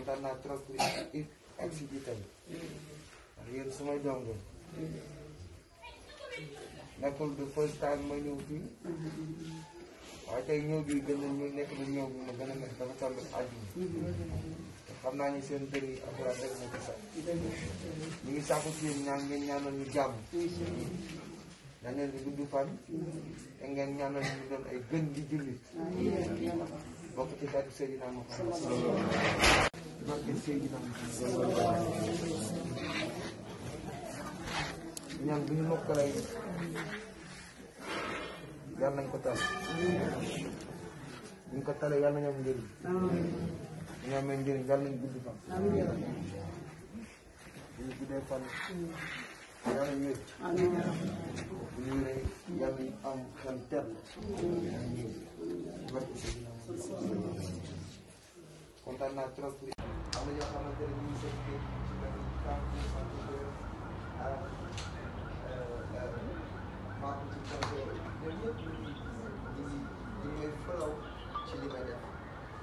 kontaan naa trop pour yéen ak si jiital ndax su ma doom ngeen nekkul du first time ma ñëw fii waaye tey ñëw bi gën a ñu nekk na ñëw bi ma gën a nekk dafa toll àjjuma xam naa ni seen dër yi akura dëgg na ko sax ñu ngi sàkku ci yéen ñaan ngeen ñaanal ñu jàmm ñaanal ñu doon ay gën di jullit وقتك سيدنا محمد بركة سيدنا محمد yang bingung kali yang nang kota yang kota lah yang yang menjadi yang menjadi yang yang gudu pak ini gudu yang ini ini yang am Terima kasih. Terima kasih.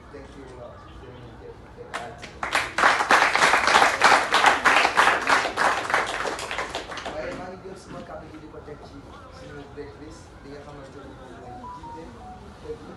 Thank you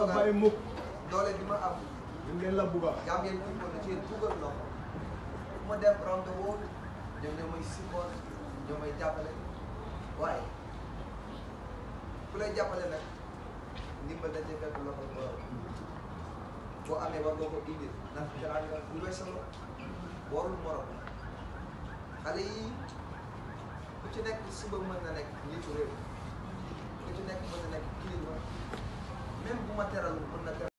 dogal du bàyyi mukk doole bi ma am. dañ leen la bugga. yaa ngeen ko ne cee dugal loxo fu ma dem round the world ñoom ñoo may support ñoo may jàppale waaye ku lay jàppale nag ndimbal da cee fekk loxo borom boo amee war nga ko indil ndax teraanga bu weesoo la warul morom xale yi ku ci nekk suba mën na nekk njiitu réew ku ci nekk mën na nekk kii même bu ma teralul mën na teral